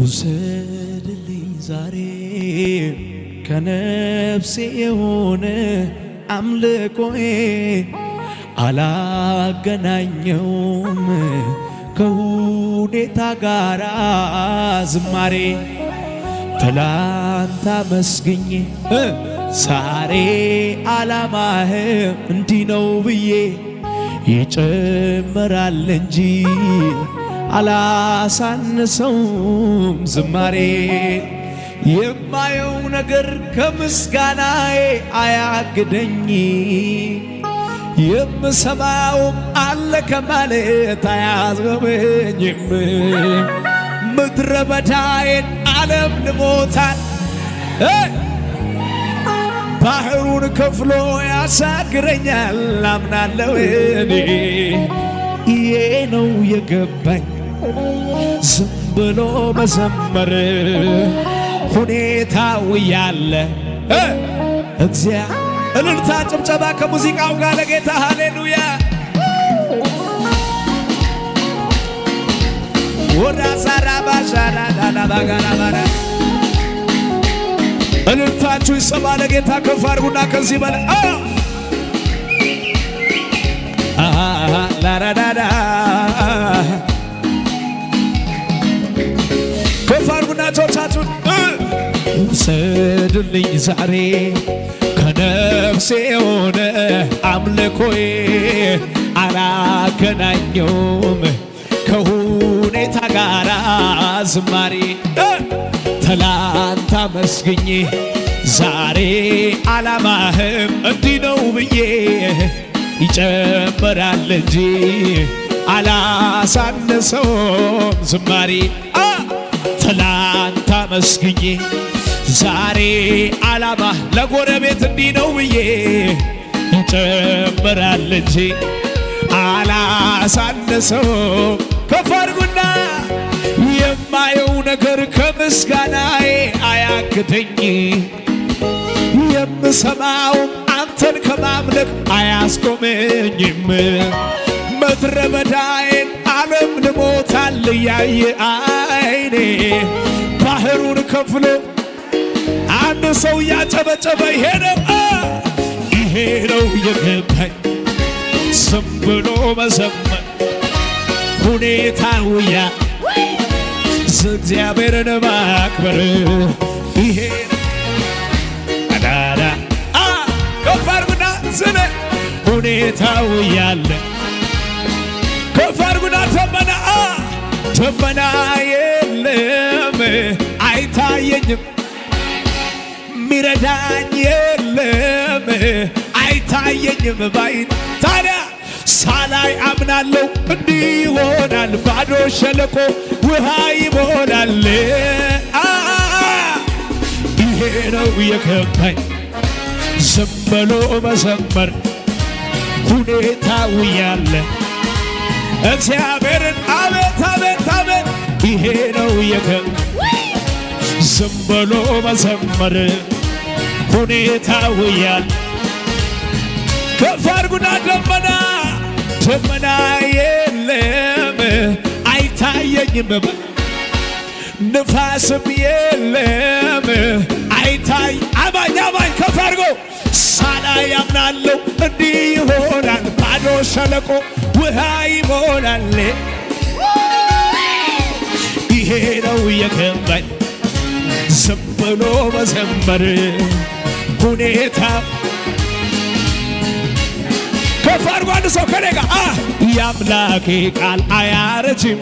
ውሰድልኝ ዛሬ ከነፍሴ የሆነ አምልኮዬ አላገናኘውም ከሁኔታ ጋራ ዝማሬ ትላንት አመስግኜ ዛሬ አላማህ እንዲህ ነው ብዬ ይጨምራል እንጂ አላሳንሰውም ዝማሬ የማየው ነገር ከምስጋናዬ አያግደኝ የምሰማውም አለ ከማለት አያዝበበኝም ምድረ በዳዬን ዓለም ልሞታል ባህሩን ከፍሎ ያሻግረኛል አምናለው እኔ ይሄ ነው የገባኝ ዝም ብሎ መዘመር ሁኔታው ያለ እግዚአ እልልታ ጭብጨባ ከሙዚቃው ጋር ለጌታ ሃሌሉያ ወራሳራባሻራዳዳባጋራባራ እልልታችሁ ይሰማ ለጌታ ከፍ አድርጉና ከዚህ በላይ ላራዳዳ እጆቻችሁን ውሰዱልኝ ዛሬ ከነፍሴ የሆነ አምልኮዬ አላገናኘውም ከሁኔታ ጋር ዝማሬ ትላንት አመስግኜ ዛሬ አላማህም እንዲህ ነው ብዬ ይጨምራል እንጂ አላሳነሰውም ዝማሬ አመስግኜ ዛሬ ዓላማ ለጎረቤት እንዲህ ነው ብዬ ይጨምራል እንጂ አላሳነሰው። ከፍ የማየው ነገር ከምስጋናዬ አያግደኝ፣ የምሰማው አንተን ከማምለክ አያስቆመኝም። ምድረ በዳዬን ዓለም ልሞታል እያየ አይኔ ባህሩን ከፍሎ አንድ ሰው እያጨበጨበ ይሄ ነው ይሄ ነው የገባኝ ስም ብሎ መዘመን ያ እግዚአብሔርን ማክበር ይሄ ዳዳ ከፋርጉና ስነ ሁኔታው ያለ ከፋርጉና ተመና ተመና የለኝም ሚረዳኝ የለም አይታየኝም ባይን ታዲያ ሳላይ አምናለሁ እንዲህ ይሆናል ባዶ ሸለቆ ውሃ ይሞላል ይሄ ነው የገባኝ ዝም ብሎ መዘመር ሁኔታው ያለ እግዚአብሔርን አቤት አቤት አቤት ይሄ ነው የገባኝ ዝም ብሎ መዘመር ሁኔታው ያል ከፍ አድርጉና ደመና ደመና የለም አይታየኝም ንፋስም የለም አይታይ አማኝ አማኝ ከፍ አድርጎ ሳላ ያምናለው እንዲህ ይሆናል ባዶ ሸለቆ ውሃ ይሞላል ይሄ ነው የገባኝ ብሎ መዘመር ሁኔታ ከፋርጎ አንድ ሰው ከኔ ጋር የአምላኬ ቃል አያረጅም፣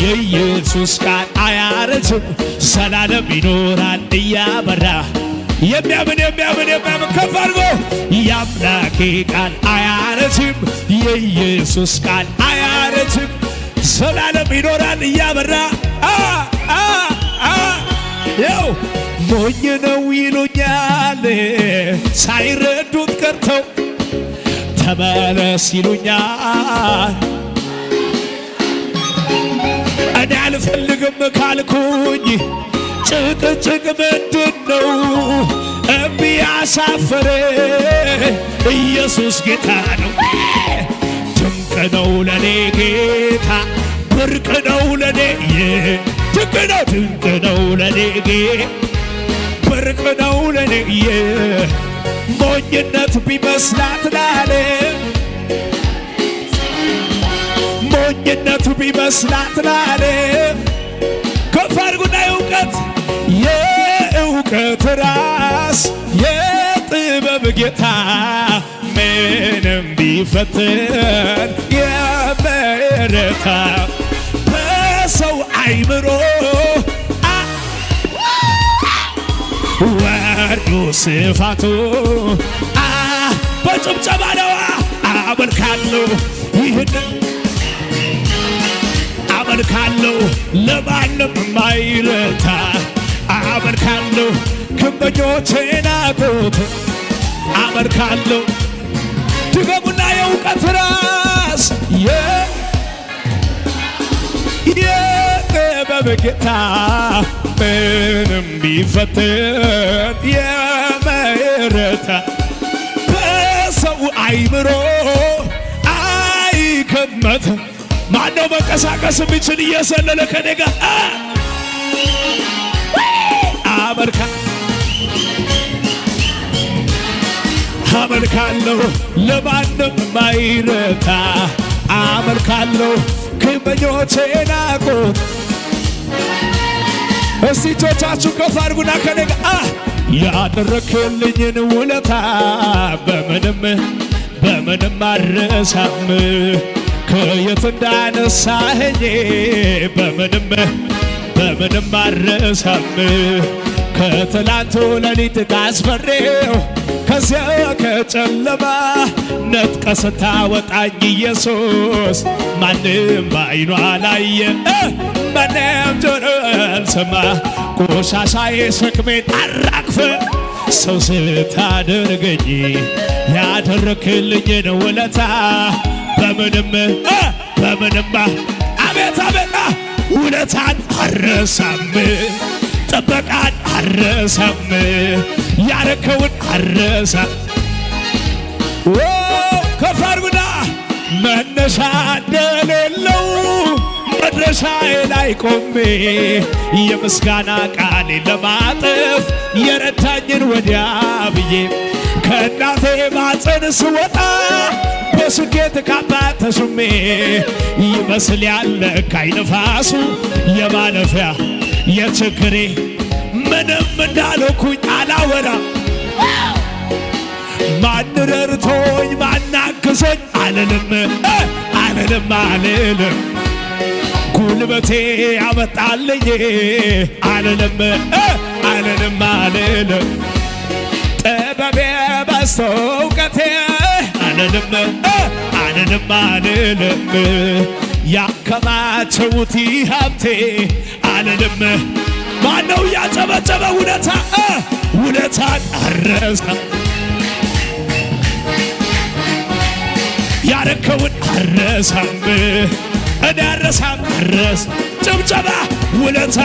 የኢየሱስ ቃል አያረጅም፣ ዘላለም ይኖራል እያበራ የሚያምን የሚያምን የሚያምን ከፍ ከፋርጎ የአምላኬ ቃል አያረጅም፣ የኢየሱስ ቃል አያረጅም፣ ዘላለም ይኖራል እያበራ ሞኝ ነው ይሉኛል ሳይረዱት ቀርተው ተመለስ ይሉኛል። እኔ አልፈልግም ካልኩኝ ጭቅጭቅ ምንድን ነው እምቢ ያሳፈረ ኢየሱስ ጌታ ነው። ድንቅ ነው ለኔ ጌታ ብርቅ ነው ለኔ ድንቅ ነው ድንቅ ነው ለኔ ጌታ ድርቅ ነው ለኔ ሞኝነት ቢመስላት ላለ ሞኝነት ቢመስላት ላለ ከፍ አድርጉና የእውቀት የእውቀት ራስ የጥበብ ጌታ ምንም ቢፈትን የመረታ በሰው አይምሮ ስፋቱ በጭብጨባ ነዋ አመልካለሁ ይህን አመልካለሁ ለማንም ማይረታ አመልካለሁ ግንበኞቼ ናቁት አመልካለሁ ድገሙና የእውቀት ራስ የጥበብ ጌታ ምንም ቢፈትን የመረታ በሰው አይምሮ አይገመትም። ማነው መንቀሳቀስ የሚችል እየዘለለ ከኔ ጋር አመልካ አመልካለሁ ለማንም ማይረታ አመልካለሁ ግንበኞቼ ናቁት እስቲ እጆቻችሁ ከፍ አድርጉና ከነገ ያደረክልኝን ውለታ በምንም በምንም አረሳም ከየት እንዳነሳኸኝ በምንም በምንም አረሳም ከትላንቱ ለሊት ቃስፈሬው ከዚያ ከጨለማ ነጥቀ ስታወጣኝ ኢየሱስ ማንም በዓይኑ አላየ ማንም ጆሮን ሰማ ቆሻሻዬ ሸክሜን አራግፈ ሰው ስታደርገኝ ያደረክልኝን ውለታ በምንም በምንም አቤት አቤት ውለታን አረሳም ጥበቃን አረሳም ያረከውን አረሳ ከፋርጉዳ መነሻ እንደሌለው መድረሻዬ ላይ ቆሜ የምስጋና ቃሌ ለማጠፍ የረታኝን ወዲያ ብዬ ከእናቴ ማፀን ስወጣ በስኬት ካባ ተሹሜ ይመስል ያለ ካይ ነፋሱ የማለፊያ የችግሬ ምንም እንዳልኩኝ አላወራ ማንረርቶኝ ማናግዘኝ አልልም አልልም አልልም ጉልበቴ ያመጣልኝ አልልም አልልም አልልም ጥበቤ በዝቶ እውቀቴ አልልም አልልም አልልም ያከማቸውት ሀብቴ አልልም ማነው ያጨበጨበ ውለታ ውለታን አረሳ ያረከውን አረሳም እዳረሳም ረስ ጭብጨባ ውለታ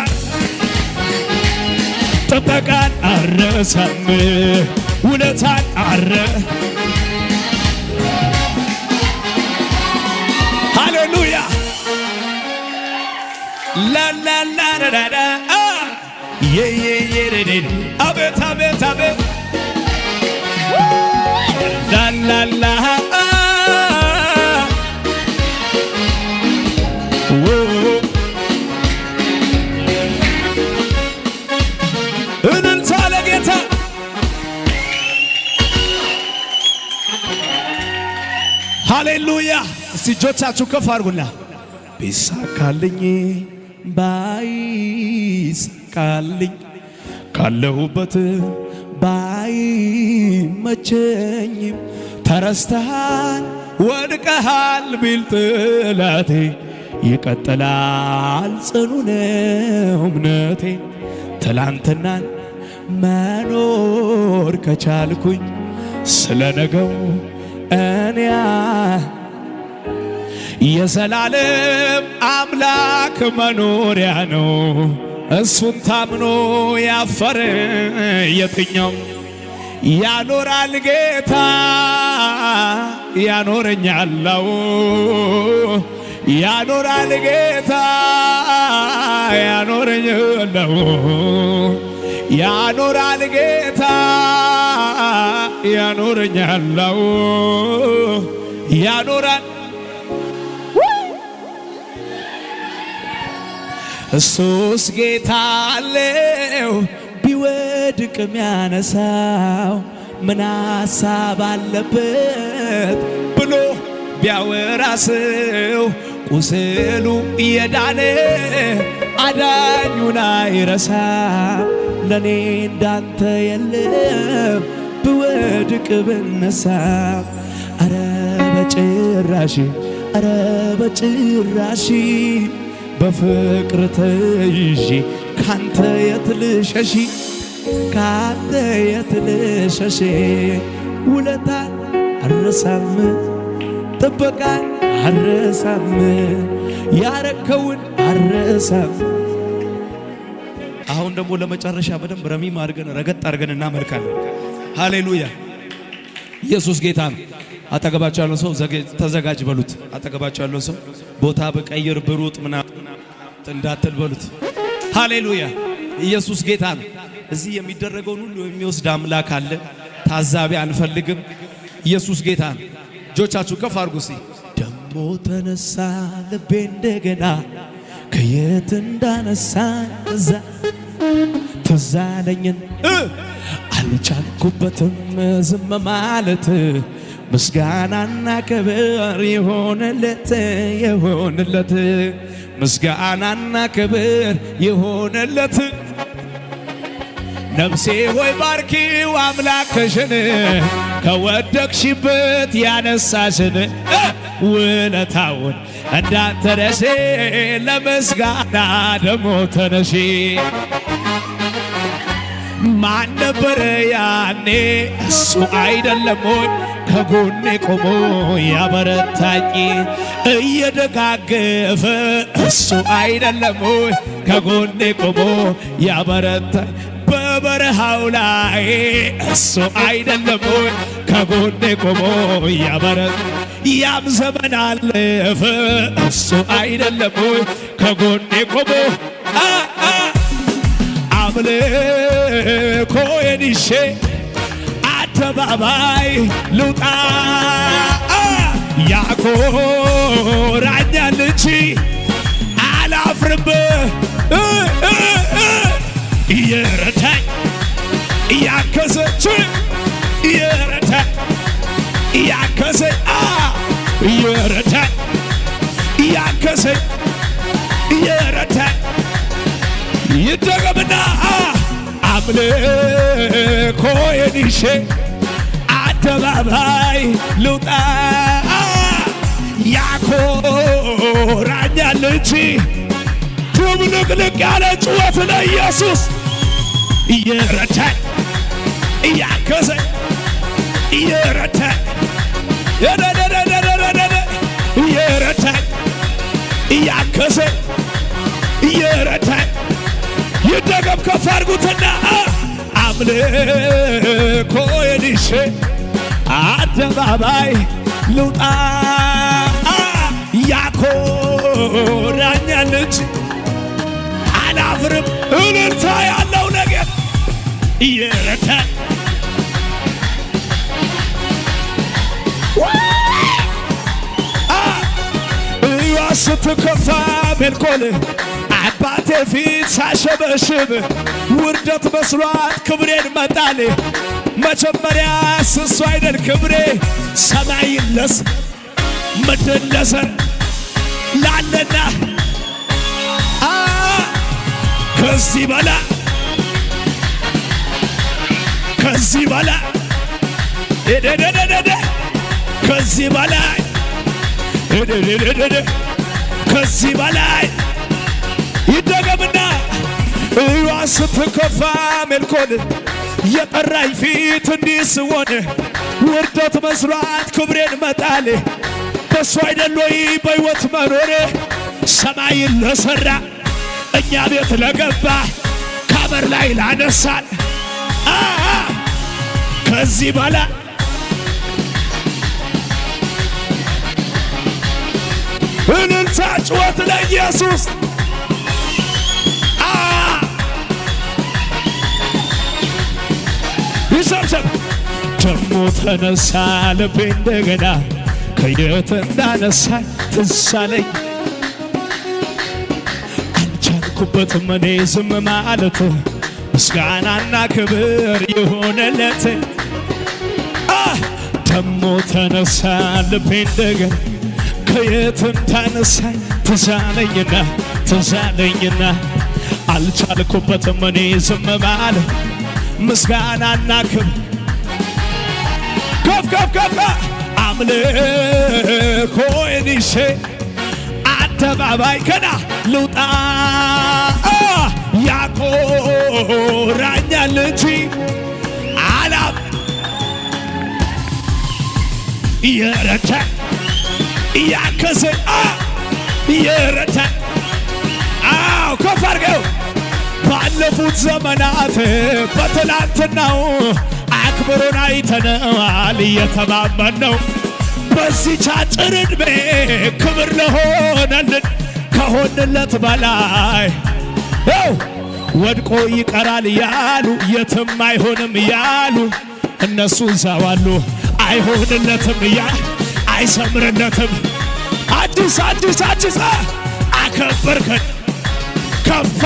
ጥበቃን አረሳም ውለታን አረ ሃሌሉያ ላላላዳዳ አቤት አቤት አቤት እጆቻችሁ ከፍ አድርጉና ቢሳካልኝ ባይሳካልኝ ካለሁበት ባይመቸኝም ተረስተሃል ወድቀሃል ቢል ጥላቴ ይቀጥላል ጽኑ ነው እምነቴ። ትላንትናን መኖር ከቻልኩኝ ስለ ነገው እኔያ የዘላለም አምላክ መኖሪያ ነው። እሱን ታምኖ ያፈረ የትኛው ያኖራል ጌታ ያኖረኛለው ያኖራል ጌታ ያኖረኛለው ያኖራል ጌታ ያኖረኛለው ያኖራል እሱስ ጌታ አለው ቢወድቅ ሚያነሳው ምን ሐሳብ አለበት ብሎ ቢያወራስው ቁስሉ እየዳነ አዳኙን አይረሳ ለኔ እንዳንተ የለም ብወድቅ ብነሳም አረ በጭራሽ አረ በጭራሽ በፍቅር ተይዤ ካንተ የት ልሸሽ ካንተ የት ልሸሽ ውለታን አረሳም ጥበቃን አረሳም ያረከውን አረሳም። አሁን ደግሞ ለመጨረሻ በደንብ ረሚም አድርገን ረገጥ አድርገን እናመልካለን። ሃሌሉያ! ኢየሱስ ጌታ ነው። አጠገባቸው ያለውን ሰው ተዘጋጅ በሉት። አጠገባቸው ያለውን ሰው ቦታ በቀይር ብሩጥ ምና እንዳትል በሉት። ሃሌሉያ! ኢየሱስ ጌታ ነው። እዚህ የሚደረገውን ሁሉ የሚወስድ አምላክ አለ። ታዛቢ አንፈልግም። ኢየሱስ ጌታ ነው። እጆቻችሁ ከፍ አድርጉ። ደሞ ተነሳ ልቤ እንደገና ከየት እንዳነሳ እዛ ተዛለኝን አልቻልኩበትም ዝም ማለት ምስጋናና ክብር የሆነለት የሆነለት ምስጋናና ክብር የሆነለት ነፍሴ ሆይ ባርኪው አምላክሽን ከወደቅሽበት ያነሳሽን ውለታውን እንዳትረሺ ለምስጋና ደግሞ ተነሺ። ማን ነበረ ያኔ እሱ አይደለም ሆይ ከጎኔ ቆሞ ያበረታኝ እየደጋገፈ እሱ አይደለም ወይ ከጎኔ ቆሞ ያበረታኝ በበረሃው ላይ እሱ አይደለም ወይ ከጎኔ ቆሞ ያበረታኝ ያም ዘመን አለፈ እሱ አይደለም ወይ ከጎኔ ቆሞ አምልኮ የንሼ አደባባይ ልውጣ ያኮራኛል እንጂ አላፍርም እየረታኝ እያከሰች እየረታኝ እያከሰኝ እየረታኝ እያከሰኝ እየረታኝ ይደገምና አምልኮ የኒሼ አደባባይ ልውጣ ያኮራኛል እንጂ ድብልቅልቅ ያለ ጩኸት ለኢየሱስ እየረዳኝ እያገዘኝ እየረዳኝ እየረዳኝ እያገዘኝ እየረዳኝ ይደገም ከፍ አድርጉትና አምልኮ የዲሼ አደባባይ ልውጣ ያኮራኛል እንጂ አላፍርም። እልልታ ያለው ነገር እየረተ እያ ስትከፋ ሜልቆል አባቴ ፊት ሳሸበሽብ ውርደት መስሏት ክብሬን መጣል መጀመሪያ ስሱ አይደል ክብሬ ሰማይ ለስ ምድር ለሰር ላለና ከዚህ በላ ከዚህ በላ ደደደደደ ከዚህ በላይ ደደደደደ ከዚህ በላይ ይደገምና እዋ ስትከፋ ሜልኮን የጠራኝ ፊት እንዲህ ስሆን ውርደት መስሏት ክብሬን መጣል በሱ አይደሎይ በሕይወት መኖር ሰማይን ለሠራ እኛ ቤት ለገባ ከበር ላይ ላነሳል ከዚህ በላ እልልታ ጭወት ለኢየሱስ ሰብሰብ ደሞ ተነሳ ልቤ እንደገና ከየት እንዳነሳኝ ትሳለኝ አልቻልኩበትም እኔ ዝም ማለት ምስጋናና ክብር የሆነለት ደሞ ተነሳ ልቤ እንደገና ከየት እንዳነሳኝ ትሳለኝና ትሳለኝና አልቻልኩበትም እኔ ዝም ማለት ምስጋናና ክብር ከፍ ከፍ ከፍ አምልኮንሼ አደባባይ ከና ልውጣ ያኮራኛል እንጂ አላም የረታ ያከሰ የረታ አው ከፍ አድርገው ባለፉት ዘመናት በትላንትናው አክብሮን አይተነዋል እየተማመን ነው። በዚች አጭር ዕድሜ ክብር ለሆነልን ከሆንለት በላይ ወድቆ ይቀራል ያሉ የትም አይሆንም ያሉ እነሱ እዛው አሉ። አይሆንለትም እያ አይሰምርለትም። አዲስ አዲስ አዲስ አከበርከን ከፍ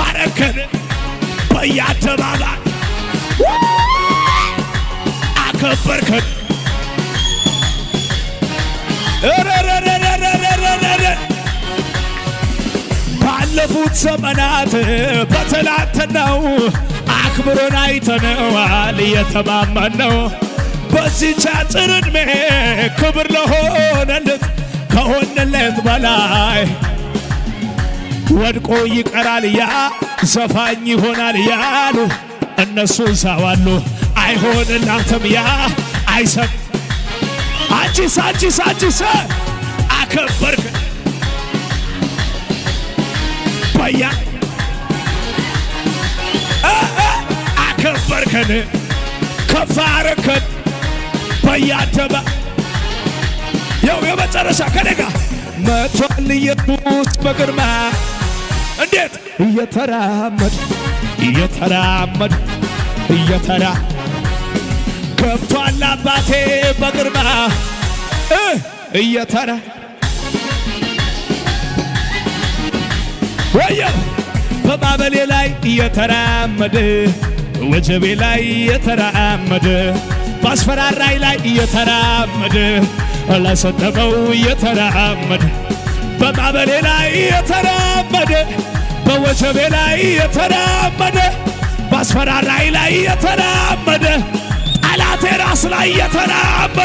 በራያ አደባባይ ባለፉት ዘመናት በትላንትናው አክብረን አይተነዋል የተማመነው በዚህች አጭር ዕድሜ ክብር ለሆነለት ከሆነለት በላይ ወድቆ ይቀራል ያ ዘፋኝ ይሆናል ያሉ እነሱ ይሳባሉ። አይሆን እናንተም ያ አይሰብ አዲስ አዲስ አዲስ አከበርክ በያ አከበርከን ከፋረከን በያደባ የው የመጨረሻ ከደጋ መቷል ኢየሱስ በግርማ እንዴት እየተራመድ እየተራመድ እየተራ ገብቷል አባቴ በግርማ እየተራ ወየ በባበሌ ላይ እየተራመደ ወጀቤ ላይ እየተራመደ ባስፈራራይ ላይ እየተራመደ ለሰጠመው እየተራመደ በማዕበሌ ላይ የተራመደ በወጀቤ ላይ የተራመደ በአስፈራራይ ላይ የተራመደ ጠላቴ ራስ ላይ የተራመደ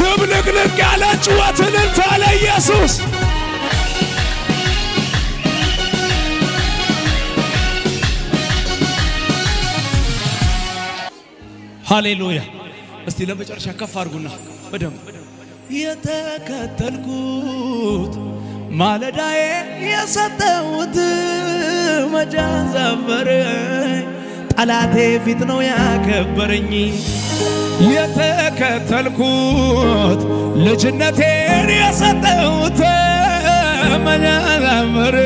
ድብልቅልቅ ያለ ጭወትንን ታለ ኢየሱስ ሃሌሉያ። እስቲ ለመጨረሻ ከፍ አድርጉና በደንብ የተከተልኩት ማለዳዬ የሰጠሁት መጃን ዘመረኝ ጠላቴ ፊት ነው ያከበረኝ። የተከተልኩት ልጅነቴን የሰጠሁት መጃን መቀኛ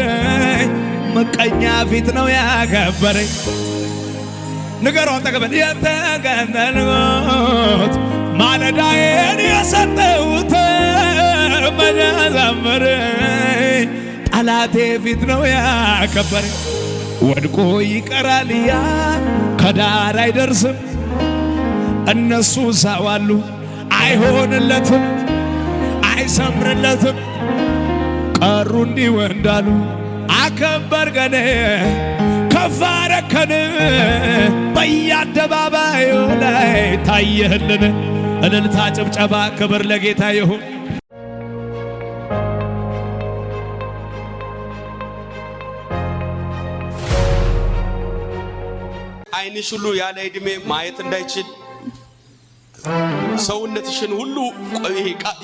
ምቀኛ ፊት ነው ያከበረኝ ንገሮ አጠገብን የተገመልኩት ማለዳዬን የሰጠሁት መዘምር ጠላቴ ፊት ነው ያከበር ወድቆ ይቀራል ያ ከዳር አይደርስም። እነሱ ሰዋሉ አይሆንለትም፣ አይሰምርለትም ቀሩ እንዲህ ወንዳሉ አከበር ገኔ ተባረከን በየአደባባዩ ላይ ታየህልን። እልልታ፣ ጭብጨባ፣ ክብር ለጌታ ይሁን። አይንሽ ሁሉ ያለ ዕድሜ ማየት እንዳይችል ሰውነትሽን ሁሉ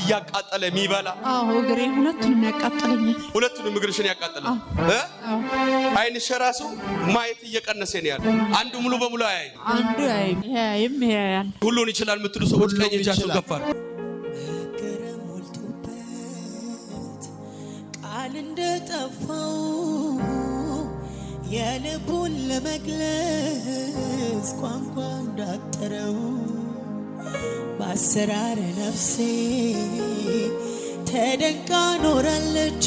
እያቃጠለ የሚበላ እግሬን ሁለቱንም ያቃጠለኛል። ሁለቱንም እግርሽን ያቃጠለ አይንሽ ራሱ ማየት እየቀነሰ ነው ያለ። አንዱ ሙሉ በሙሉ አያይ፣ አንዱ አያይም። ሁሉን ይችላል የምትሉ ሰዎች ቀኝ እጃችሁን ከፋር ቃል እንደጠፋው የልቡን ለመግለጽ ቋንቋ እንዳጠረው በአሰራር ነፍሴ ተደንቃ ኖራለች።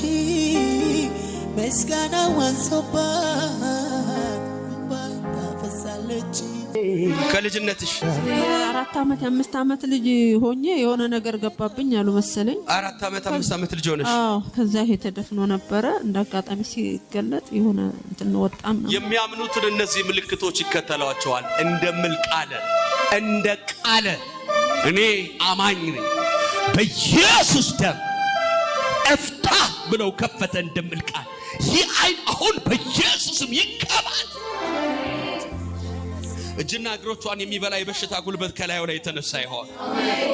ምስጋና ዋንሶባት ባታፈሳለች። ከልጅነትሽ አራት ዓመት የአምስት ዓመት ልጅ ሆኜ የሆነ ነገር ገባብኝ አሉ መሰለኝ። አራት ዓመት አምስት ዓመት ልጅ ሆነሽ? አዎ። ከዛ ይሄ ተደፍኖ ነበረ። እንደ አጋጣሚ ሲገለጥ የሆነ እንትን ወጣም ነው። የሚያምኑትን እነዚህ ምልክቶች ይከተሏቸዋል። እንደምል ቃለ እንደ ቃለ እኔ አማኝ ነኝ። በኢየሱስ ደም እፍታ ብለው ከፈተ እንደምል ቃል ይህ አይን አሁን በኢየሱስም ይቀባል። እጅና እግሮቿን የሚበላ የበሽታ ጉልበት ከላዩ ላይ የተነሳ ይሆን።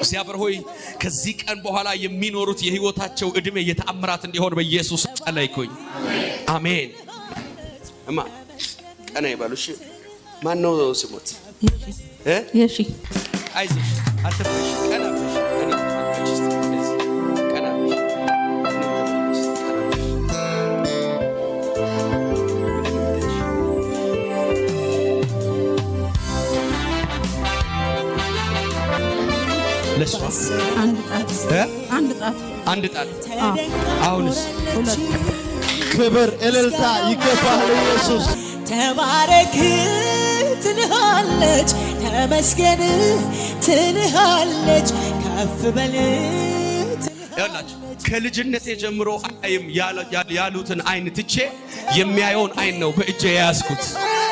እግዚአብሔር ሆይ ከዚህ ቀን በኋላ የሚኖሩት የህይወታቸው እድሜ የተአምራት እንዲሆን በኢየሱስ ጸለይኩኝ። አሜን። እማ ቀና ይበሉ። ማን ነው ስሞት? እሺ። አይዞሽ አልተፈሽ ቀናሽ አንድ ጣት አሁንስ ክብር እልልታ ይገባል ኢየሱስ ተባረክ ትልሃለች ተመስገን ትልሃለች ከፍ በል ያላችሁ ከልጅነቴ ጀምሮ አይም ያሉትን አይን ትቼ የሚያየውን አይን ነው በእጄ የያዝኩት።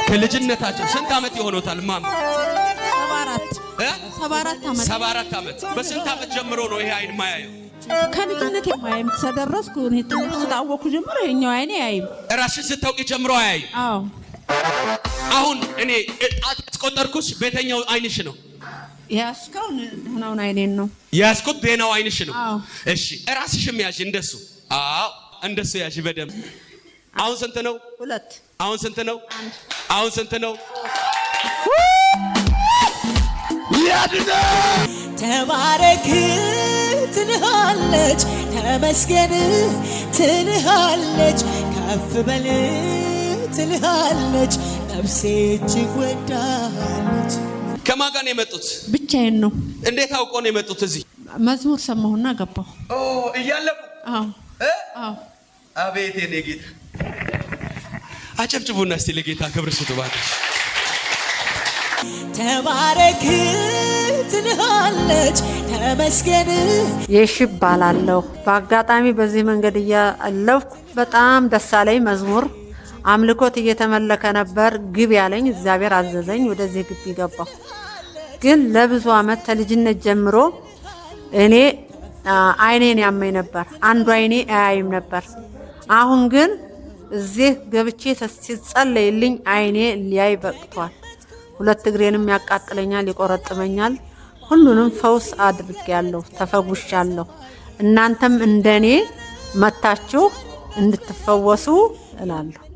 ከልጅነታቸው ስንት ዓመት ይሆኖታል? ማም ሰባ አራት ዓመት። በስንት ዓመት ጀምሮ ነው ይሄ አይን ማያየው? ከልጅነቴ ማየም ተደረስኩ። ስታወቅኩ ጀምሮ ይሄኛው አይኔ ያይም። ራስሽን ስታውቂ ጀምሮ አያይም አሁን እኔ ጣት ቤተኛው አይንሽ ነው? ያስከው ያስኩት። ደህናው አይንሽ ነው። እሺ እራስሽም ያዥ እንደሱ። አዎ እንደሱ ያዥ በደንብ። አሁን ስንት ነው? ሁለት። አሁን ስንት ነው? አሁን ስንት ነው? ተባረክ ትንሃለች፣ ተመስገን ትንሃለች፣ ከፍ በል ትንሃለች ነፍሴ እጅግ ወዳለች። ከማን ጋር ነው የመጡት? ብቻዬን ነው። እንዴት አውቆ ነው የመጡት? እዚህ መዝሙር ሰማሁና ገባሁ። እያለቁ አቤት የኔ ጌታ! አጨብጭቡና እስቲ ለጌታ ክብር ስጡ። እባክሽ ተባረክ ትልሃለች፣ ተመስገን። የሺብ ባላለሁ በአጋጣሚ በዚህ መንገድ እያለፍኩ በጣም ደስ አለኝ መዝሙር አምልኮት እየተመለከ ነበር። ግብ ያለኝ እግዚአብሔር አዘዘኝ። ወደዚህ ግቢ ገባሁ። ግን ለብዙ ዓመት ከልጅነት ጀምሮ እኔ አይኔን ያመኝ ነበር። አንዱ አይኔ አያይም ነበር። አሁን ግን እዚህ ገብቼ ሲጸለይልኝ አይኔ ሊያይ በቅቷል። ሁለት እግሬንም ያቃጥለኛል፣ ይቆረጥመኛል። ሁሉንም ፈውስ አድርጌያለሁ፣ ተፈጉሻለሁ። እናንተም እንደኔ መታችሁ እንድትፈወሱ እላለሁ።